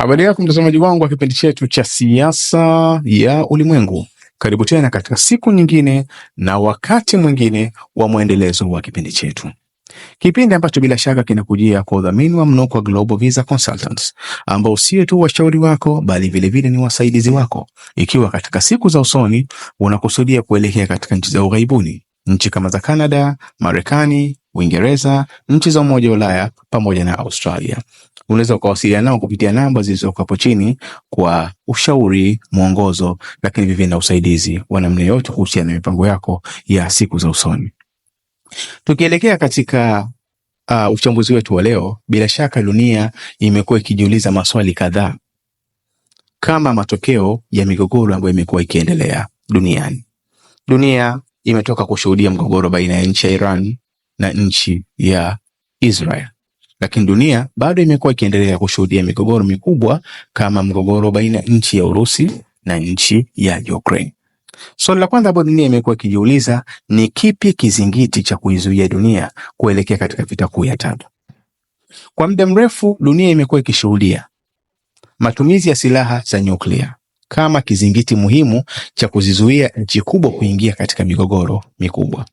Habari yako mtazamaji wangu wa kipindi chetu cha siasa ya ulimwengu, karibu tena katika siku nyingine na wakati mwingine wa mwendelezo wa kipindi chetu, kipindi ambacho bila shaka kinakujia kwa udhamini wa mnuko wa Global Visa Consultants, ambao sio tu washauri wako bali vilevile vile ni wasaidizi wako, ikiwa katika siku za usoni unakusudia kuelekea katika nchi za ughaibuni, nchi kama za Canada, Marekani, Uingereza, nchi za Umoja wa Ulaya pamoja na Australia. Unaweza ukawasiliana nao kupitia namba zilizoko hapo chini kwa ushauri, mwongozo, lakini vivyo na usaidizi wa namna yote kuhusiana na mipango yako ya siku za usoni. Tukielekea katika uh, uchambuzi wetu wa leo, bila shaka dunia imekuwa ikijiuliza maswali kadhaa kama matokeo ya migogoro ambayo imekuwa ikiendelea duniani. Dunia imetoka kushuhudia mgogoro baina ya nchi ya Iran na nchi ya Israel. Lakini dunia bado imekuwa ikiendelea kushuhudia migogoro mikubwa kama mgogoro baina ya nchi ya Urusi na nchi ya Ukraine. Swali so, la kwanza ambalo dunia imekuwa ikijiuliza ni kipi kizingiti cha kuizuia dunia kuelekea katika vita kuu ya tatu? Kwa muda mrefu dunia imekuwa ikishuhudia matumizi ya silaha za nyuklia kama kizingiti muhimu cha kuzizuia nchi kubwa kuingia katika migogoro mikubwa.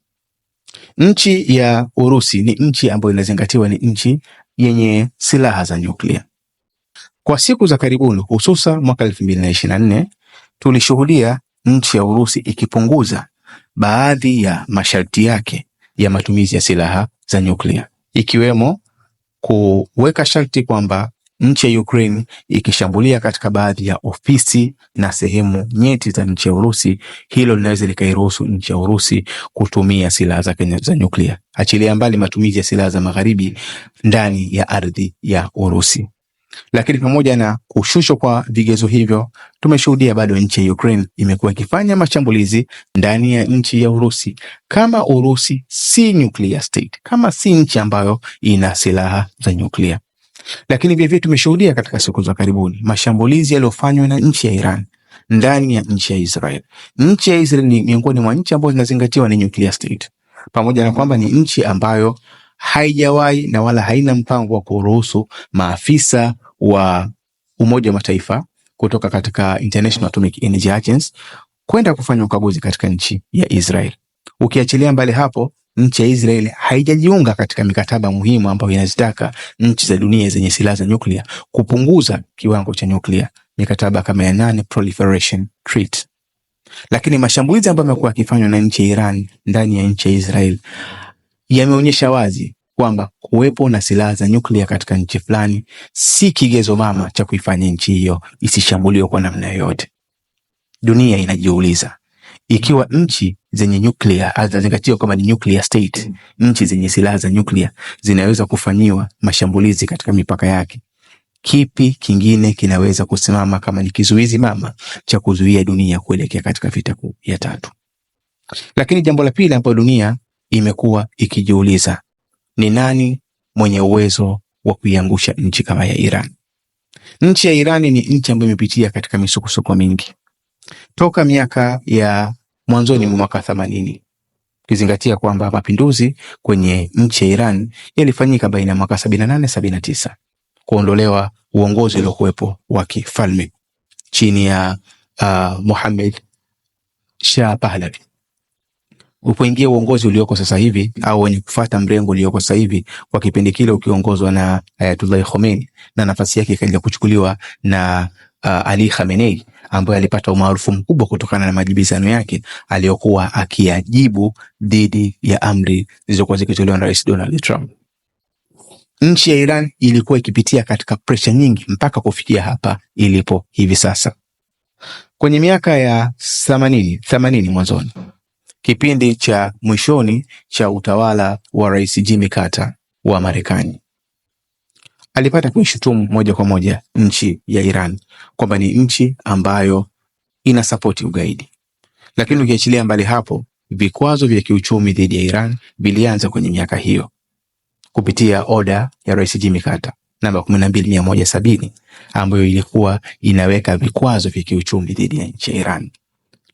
Nchi ya Urusi ni nchi ambayo inazingatiwa ni nchi yenye silaha za nyuklia. Kwa siku za karibuni, hususan mwaka nne tulishuhudia nchi ya Urusi ikipunguza baadhi ya masharti yake ya matumizi ya silaha za nyuklia ikiwemo kuweka sharti kwamba nchi ya Ukraine ikishambulia katika baadhi ya ofisi na sehemu nyeti za nchi ya Urusi, hilo linaweza likairuhusu nchi ya Urusi kutumia silaha zake za nyuklia, achilia mbali matumizi ya silaha za magharibi ndani ya ardhi ya Urusi. Lakini pamoja na kushushwa kwa vigezo hivyo, tumeshuhudia bado nchi ya Ukraine imekuwa ikifanya mashambulizi ndani ya nchi ya Urusi, kama Urusi si nuclear state, kama si nchi ambayo ina silaha za nyuklia. Lakini vilevile tumeshuhudia katika siku za karibuni mashambulizi yaliyofanywa na nchi ya Iran ndani ya nchi ya Israel. Nchi ya Israel ni miongoni mwa nchi ambazo zinazingatiwa ni nuclear state, pamoja na kwamba ni nchi ambayo haijawahi na wala haina mpango wa kuruhusu maafisa wa Umoja wa Mataifa kutoka katika International Atomic Energy Agency kwenda kufanya ukaguzi katika nchi ya Israel. Ukiachilia mbali hapo nchi ya Israel haijajiunga katika mikataba muhimu ambayo inazitaka nchi za dunia zenye silaha za nyuklia kupunguza kiwango cha nyuklia, mikataba kama ya nane proliferation treaty. Lakini mashambulizi ambayo yamekuwa yakifanywa na nchi ya Iran ndani ya nchi ya Israel yameonyesha wazi kwamba kuwepo na silaha za nyuklia katika nchi fulani si kigezo mama cha kuifanya nchi hiyo isishambuliwe kwa namna yoyote. Dunia inajiuliza ikiwa nchi zenye nyuklia zinazingatiwa kama ni nuclear state, mm. nchi zenye silaha za nyuklia zinaweza kufanyiwa mashambulizi katika mipaka yake. Kipi kingine kinaweza kusimama kama ni kizuizi mama cha kuzuia dunia kuelekea katika vita kuu ya tatu? Lakini jambo la pili ambayo dunia imekuwa ikijiuliza ni nani mwenye uwezo wa kuiangusha nchi kama ya Iran. Nchi ya Iran ni nchi ambayo imepitia katika misukosuko mingi toka miaka ya mwanzoni mwa mwaka themanini ukizingatia kwamba mapinduzi kwenye nchi ya Iran yalifanyika baina ya mwaka sabina tisa kuondolewa uongozi uliokuwepo wa kifalme chini ya uh, Mohamed Shah Pahlavi. upoingia uongozi ulioko sasa hivi au wenye kufuata mrengo ulioko sasa hivi, kwa kipindi kile ukiongozwa na Ayatollah Khomeini, na nafasi yake ikaenda kuchukuliwa na uh, Ali Khamenei ambaye alipata umaarufu mkubwa kutokana na majibizano yake aliyokuwa akiyajibu dhidi ya amri zilizokuwa zikitolewa na Rais Donald Trump. Nchi ya Iran ilikuwa ikipitia katika presha nyingi mpaka kufikia hapa ilipo hivi sasa. Kwenye miaka ya themanini themanini mwanzoni, kipindi cha mwishoni cha utawala wa Rais Jimmy Carter wa Marekani, alipata kuishutumu moja kwa moja nchi ya Iran kwamba ni nchi ambayo ina inasapoti ugaidi. Lakini ukiachilia mbali hapo, vikwazo vya kiuchumi dhidi ya Iran vilianza kwenye miaka hiyo kupitia oda ya Rais Jimmy Carter namba 12170 ambayo ilikuwa inaweka vikwazo vya kiuchumi dhidi ya nchi ya Iran.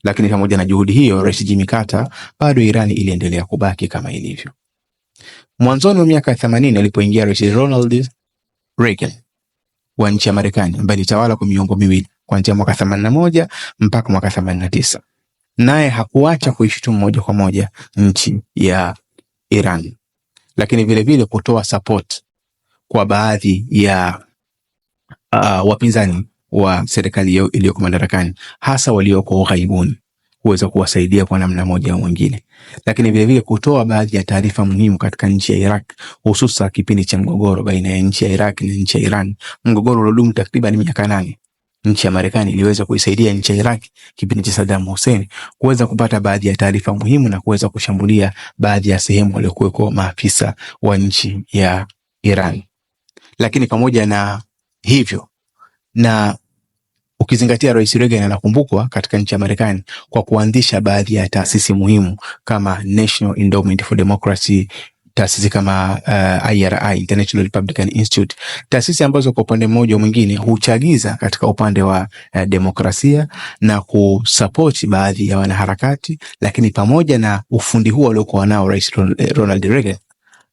Lakini pamoja na juhudi hiyo, Rais Jimmy Carter, bado Iran iliendelea kubaki kama ilivyo. Mwanzoni wa miaka 80 alipoingia Rais Ronald Reagan wa nchi ya Marekani ambaye alitawala kwa miongo miwili kuanzia mwaka moja mpaka mwaka tisa Naye hakuacha kuishutumu moja kwa moja nchi ya Iran, lakini vilevile kutoa support kwa baadhi ya uh, wapinzani wa serikali iliyoko madarakani hasa walioko ughaibuni kuweza kuwasaidia kwa namna moja au mwingine, lakini vile vile kutoa baadhi ya taarifa muhimu katika nchi ya Iraq, hususan kipindi cha mgogoro baina ya nchi ya Iraq na nchi ya Iran, mgogoro uliodumu takriban miaka nane. Nchi ya Marekani iliweza kuisaidia nchi ya Iraq kipindi cha Saddam Hussein kuweza kupata baadhi ya taarifa muhimu na kuweza kushambulia baadhi ya sehemu waliokuweko maafisa wa nchi ya Iran. Lakini pamoja na hivyo na ukizingatia Rais Reagan anakumbukwa katika nchi ya Marekani kwa kuanzisha baadhi ya taasisi muhimu kama National Endowment for Democracy, taasisi kama uh, IRI, International Republican Institute, taasisi ambazo kwa upande mmoja mwingine huchagiza katika upande wa uh, demokrasia na kusapoti baadhi ya wanaharakati, lakini pamoja na ufundi huo aliokuwa nao Rais eh, Ronald Reagan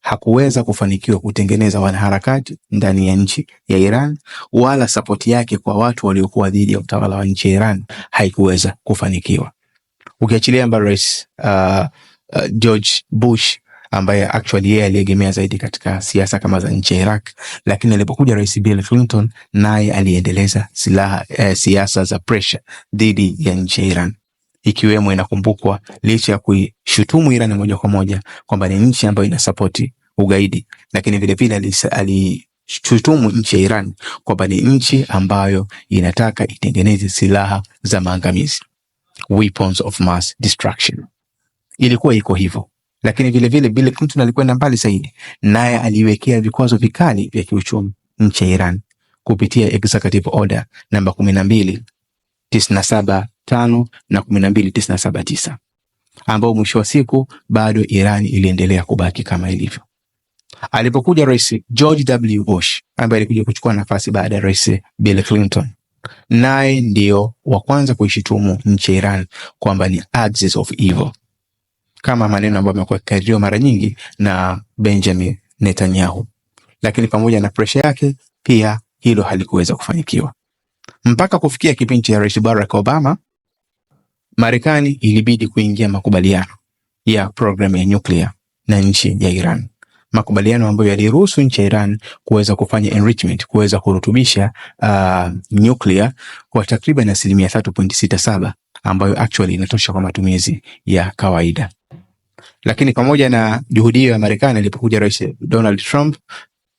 hakuweza kufanikiwa kutengeneza wanaharakati ndani ya nchi ya Iran wala sapoti yake kwa watu waliokuwa dhidi ya utawala wa nchi ya Iran haikuweza kufanikiwa, ukiachilia mbali rais uh, uh, George Bush ambaye actually yeye aliegemea zaidi katika siasa kama za nchi ya Iraq, lakini alipokuja rais Bill Clinton naye aliendeleza silaha eh, siasa za pressure dhidi ya nchi ya Iran ikiwemo inakumbukwa, licha ya kuishutumu Iran moja kwa moja kwamba ni nchi ambayo inasapoti ugaidi, lakini vilevile alishutumu nchi ya Iran kwamba ni nchi ambayo inataka itengeneze silaha za maangamizi, weapons of mass destruction. Ilikuwa iko hivyo, lakini vilevile Bill Clinton alikwenda mbali zaidi, naye aliwekea vikwazo vikali vya kiuchumi nchi ya Iran kupitia executive order namba kumi na mbili tisini na saba tano na kumi na mbili tisa na saba tisa ambao mwisho wa siku bado Irani iliendelea kubaki kama ilivyo. Alipokuja Rais George W Bush ambaye alikuja kuchukua nafasi baada ya Rais Bill Clinton, naye ndio wa kwanza kuishitumu nchi ya Iran kwamba ni axis of evil, kama maneno ambayo amekuwa akikadiriwa mara nyingi na Benjamin Netanyahu. Lakini pamoja na presha yake, pia hilo halikuweza kufanikiwa mpaka kufikia kipindi cha Rais Barack Obama Marekani ilibidi kuingia makubaliano ya programu ya nyuklia na nchi ya Iran, makubaliano ambayo yaliruhusu nchi ya Iran kuweza kufanya enrichment, kuweza kurutubisha uh, ah, nyuklia kwa takriban asilimia 3.67 ambayo actually inatosha kwa matumizi ya kawaida. Lakini pamoja na juhudi hiyo ya Marekani, alipokuja Rais Donald Trump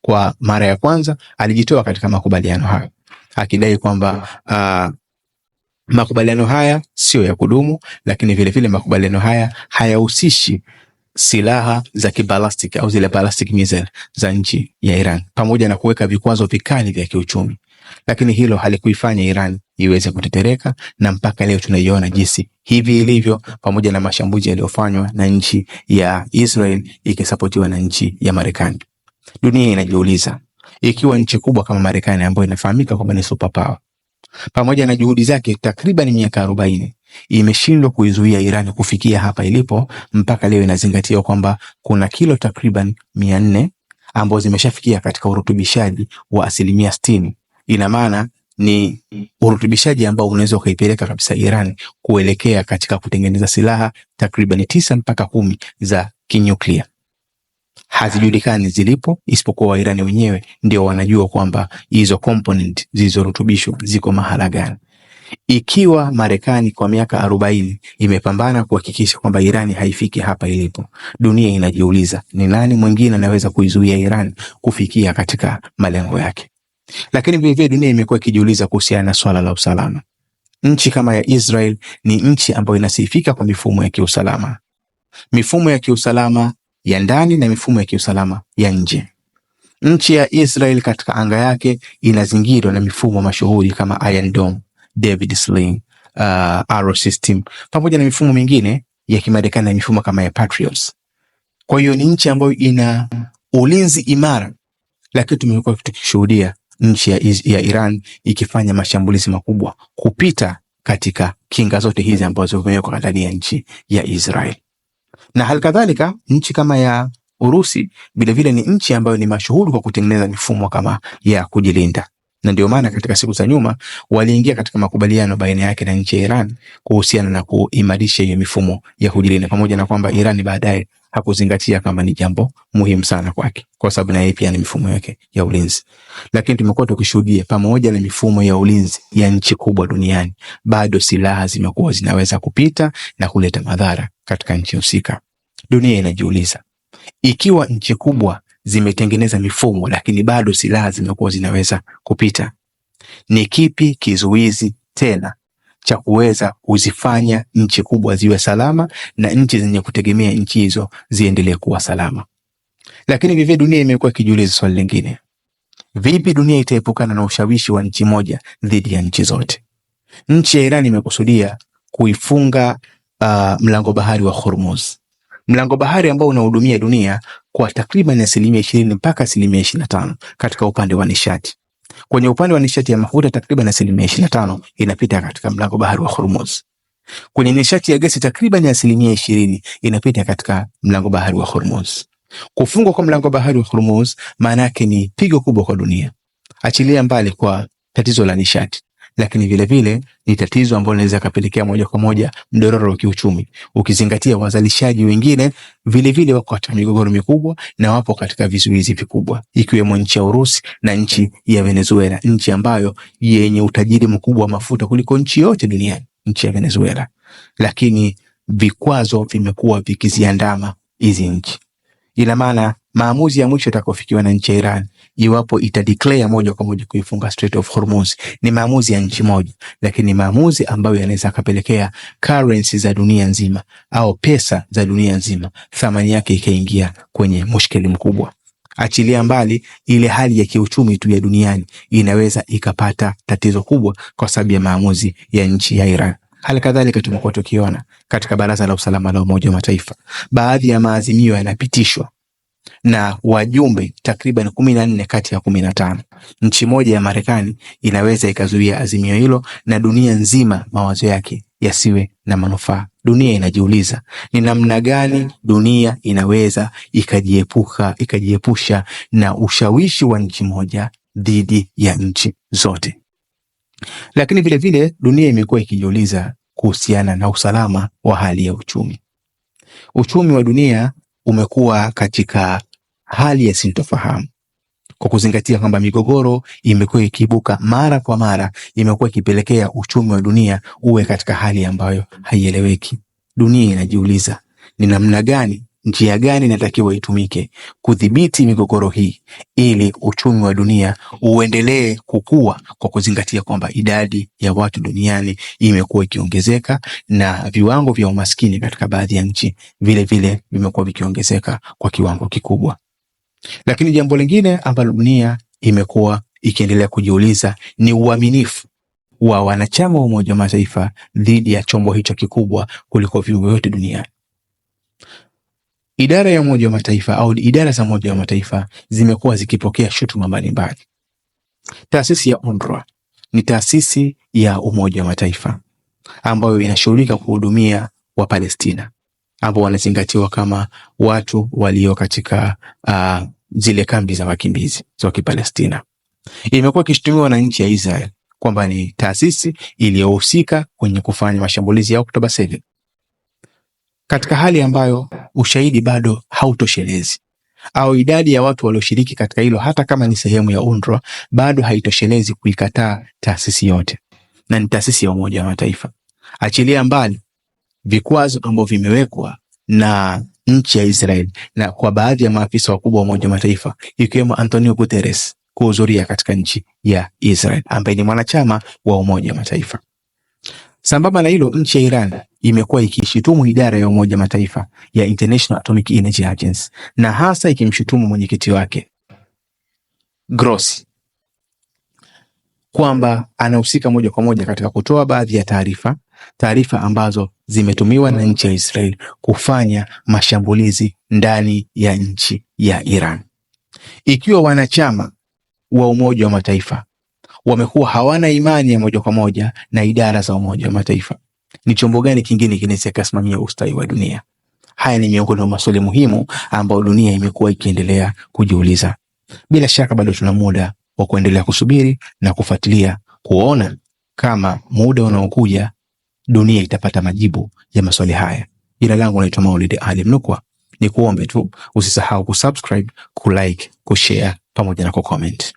kwa mara ya kwanza alijitoa katika makubaliano hayo akidai kwamba uh, Makubaliano haya sio ya kudumu, lakini vilevile makubaliano haya hayahusishi silaha za kibalastiki au zile ballistic missile za nchi ya Iran, pamoja na kuweka vikwazo vikali vya kiuchumi, lakini hilo halikuifanya Iran iweze kutetereka, na mpaka leo tunaiona jinsi hivi ilivyo, pamoja na mashambulizi yaliyofanywa na nchi ya Israel ikisapotiwa na nchi ya Marekani. Dunia inajiuliza ikiwa nchi kubwa kama Marekani ambayo inafahamika kwamba ni superpower pamoja na juhudi zake takriban miaka arobaini imeshindwa kuizuia Iran kufikia hapa ilipo mpaka leo, inazingatiwa kwamba kuna kilo takriban mia nne ambazo zimeshafikia katika urutubishaji wa asilimia stini Ina maana ni urutubishaji ambao unaweza ukaipeleka kabisa Iran kuelekea katika kutengeneza silaha takriban tisa mpaka kumi za kinyuklia hazijulikani zilipo, isipokuwa Wairani wenyewe ndio wanajua kwamba hizo component zilizorutubishwa ziko mahala gani. Ikiwa Marekani kwa miaka arobaini imepambana kuhakikisha kwamba Irani haifiki hapa ilipo, dunia inajiuliza ni nani mwingine anaweza kuizuia Iran kufikia katika malengo yake. Lakini vilevile dunia imekuwa ikijiuliza kuhusiana na swala la usalama. Nchi kama ya Israel ni nchi ambayo inasifika kwa mifumo ya kiusalama. Mifumo ya kiusalama ya ndani na mifumo ya kiusalama ya nje. Nchi ya Israel katika anga yake inazingirwa na mifumo mashuhuri kama Iron Dome, David Sling, uh, Arrow System pamoja na mifumo mingine ya Kimarekani na mifumo kama ya Patriots. Kwa hiyo ni nchi ambayo ina ulinzi imara, lakini tumekuwa tukishuhudia nchi ya, ya Iran ikifanya mashambulizi makubwa kupita katika kinga zote hizi ambazo zimewekwa ndani ya nchi ya Israel na hali kadhalika nchi kama ya Urusi vilevile ni nchi ambayo ni mashuhuri kwa kutengeneza mifumo kama ya kujilinda, na ndio maana katika siku za nyuma waliingia katika makubaliano baina yake na nchi ya Iran kuhusiana na kuimarisha hiyo mifumo ya kujilinda, pamoja na kwamba Iran baadaye hakuzingatia kama ni jambo muhimu sana kwake, kwa sababu na yeye pia ni mifumo yake ya ulinzi. Lakini tumekuwa tukishuhudia, pamoja na mifumo ya ulinzi ya nchi kubwa duniani, bado silaha zimekuwa zinaweza kupita na kuleta madhara katika nchi husika. Dunia inajiuliza ikiwa nchi kubwa zimetengeneza mifumo lakini bado silaha zimekuwa zinaweza kupita, ni kipi kizuizi tena cha kuweza kuzifanya nchi kubwa ziwe salama na nchi zenye kutegemea nchi hizo ziendelee kuwa salama? Lakini vivyo dunia imekuwa ikijiuliza swali lingine, vipi dunia itaepukana na ushawishi wa nchi moja dhidi ya nchi zote? Nchi ya Iran imekusudia kuifunga uh, mlango bahari wa Hormuz, mlango bahari ambao unahudumia dunia kwa takriban asilimia ishirini mpaka asilimia ishirini na tano katika upande wa nishati. Kwenye upande wa nishati ya mafuta takriban asilimia ishirini na tano inapita katika mlango bahari wa Hormuz. Kwenye nishati ya gesi takriban asilimia ishirini inapita katika mlango bahari wa Hormuz. Kufungwa kwa mlango bahari wa Hormuz maana yake ni pigo kubwa kwa dunia, achilia mbali kwa tatizo la nishati lakini vilevile ni tatizo ambalo linaweza kapelekea moja kwa moja mdororo wa kiuchumi, ukizingatia wazalishaji wengine vilevile wako katika migogoro mikubwa na wapo katika vizuizi vikubwa, ikiwemo nchi ya Urusi na nchi ya Venezuela, nchi ambayo yenye utajiri mkubwa wa mafuta kuliko nchi yote duniani, nchi ya Venezuela, lakini vikwazo vimekuwa vikiziandama hizi nchi. Ina maana maamuzi ya mwisho yatakofikiwa na nchi ya Iran, iwapo itadeclare moja kwa moja kuifunga Strait of Hormuz, ni maamuzi ya nchi moja, lakini maamuzi ambayo yanaweza akapelekea currency za dunia nzima au pesa za dunia nzima thamani yake ikaingia kwenye mushkeli mkubwa. Achilia mbali ile hali ya kiuchumi tu ya duniani, inaweza ikapata tatizo kubwa kwa sababu ya maamuzi ya nchi ya Iran kadhalika tumekuwa tukiona katika Baraza la Usalama la Umoja wa Mataifa baadhi ya maazimio yanapitishwa na wajumbe takriban kumi na nne kati ya kumi na tano. Nchi moja ya Marekani inaweza ikazuia azimio hilo na dunia nzima mawazo yake yasiwe na manufaa. Dunia inajiuliza ni namna gani dunia inaweza ikajiepuka, ikajiepusha na ushawishi wa nchi moja dhidi ya nchi zote. Lakini vile vile dunia imekuwa ikijiuliza kuhusiana na usalama wa hali ya uchumi. Uchumi wa dunia umekuwa katika hali ya sintofahamu kwa kuzingatia kwamba migogoro imekuwa ikiibuka mara kwa mara, imekuwa ikipelekea uchumi wa dunia uwe katika hali ambayo haieleweki. Dunia inajiuliza ni namna gani njia gani inatakiwa itumike kudhibiti migogoro hii ili uchumi wa dunia uendelee kukua, kwa kuzingatia kwamba idadi ya watu duniani imekuwa ikiongezeka na viwango vya umaskini katika baadhi ya nchi vile vile vimekuwa vikiongezeka kwa kiwango kikubwa. Lakini jambo lingine ambalo dunia imekuwa ikiendelea kujiuliza ni uaminifu wa wanachama wa Umoja wa Mataifa dhidi ya chombo hicho kikubwa kuliko viungo vyote duniani. Idara ya Umoja wa Mataifa au idara za Umoja wa Mataifa zimekuwa zikipokea shutuma mbalimbali. Taasisi ya UNRWA ni taasisi ya Umoja wa Mataifa ambayo inashughulika kuhudumia Wapalestina ambao wanazingatiwa kama watu walio katika uh, zile kambi za wakimbizi za Kipalestina. Imekuwa ikishutumiwa na nchi ya Israel kwamba ni taasisi iliyohusika kwenye kufanya mashambulizi ya Oktoba 7 katika hali ambayo ushahidi bado hautoshelezi au idadi ya watu walioshiriki katika hilo, hata kama ni sehemu ya UNRWA, bado haitoshelezi kuikataa taasisi yote, na ni taasisi ya Umoja wa Mataifa, achilia mbali vikwazo ambavyo vimewekwa na nchi ya Israel na kwa baadhi ya maafisa wakubwa wa Umoja wa Mataifa ikiwemo Antonio Guterres kuhudhuria katika nchi ya Israel ambaye ni mwanachama wa Umoja wa Mataifa. Sambamba na hilo, nchi ya Iran imekuwa ikishutumu idara ya Umoja Mataifa ya International Atomic Energy Agency na hasa ikimshutumu mwenyekiti wake Grossi kwamba anahusika moja kwa moja katika kutoa baadhi ya taarifa taarifa ambazo zimetumiwa na nchi ya Israel kufanya mashambulizi ndani ya nchi ya Iran. Ikiwa wanachama wa Umoja wa Mataifa wamekuwa hawana imani ya moja kwa moja na idara za Umoja wa Mataifa. Ni chombo gani kingine kinaweza kusimamia ustawi wa dunia? Haya ni miongoni mwa maswali muhimu ambayo dunia imekuwa ikiendelea kujiuliza. Bila shaka, bado tuna muda wa kuendelea kusubiri na kufuatilia kuona kama muda unaokuja dunia itapata majibu ya maswali haya. Jina langu naitwa Maulid Ali Mnukwa. Ni kuombe tu usisahau kusubscribe, kulike, kushare pamoja na kucomment.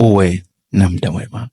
Uwe na mda mwema.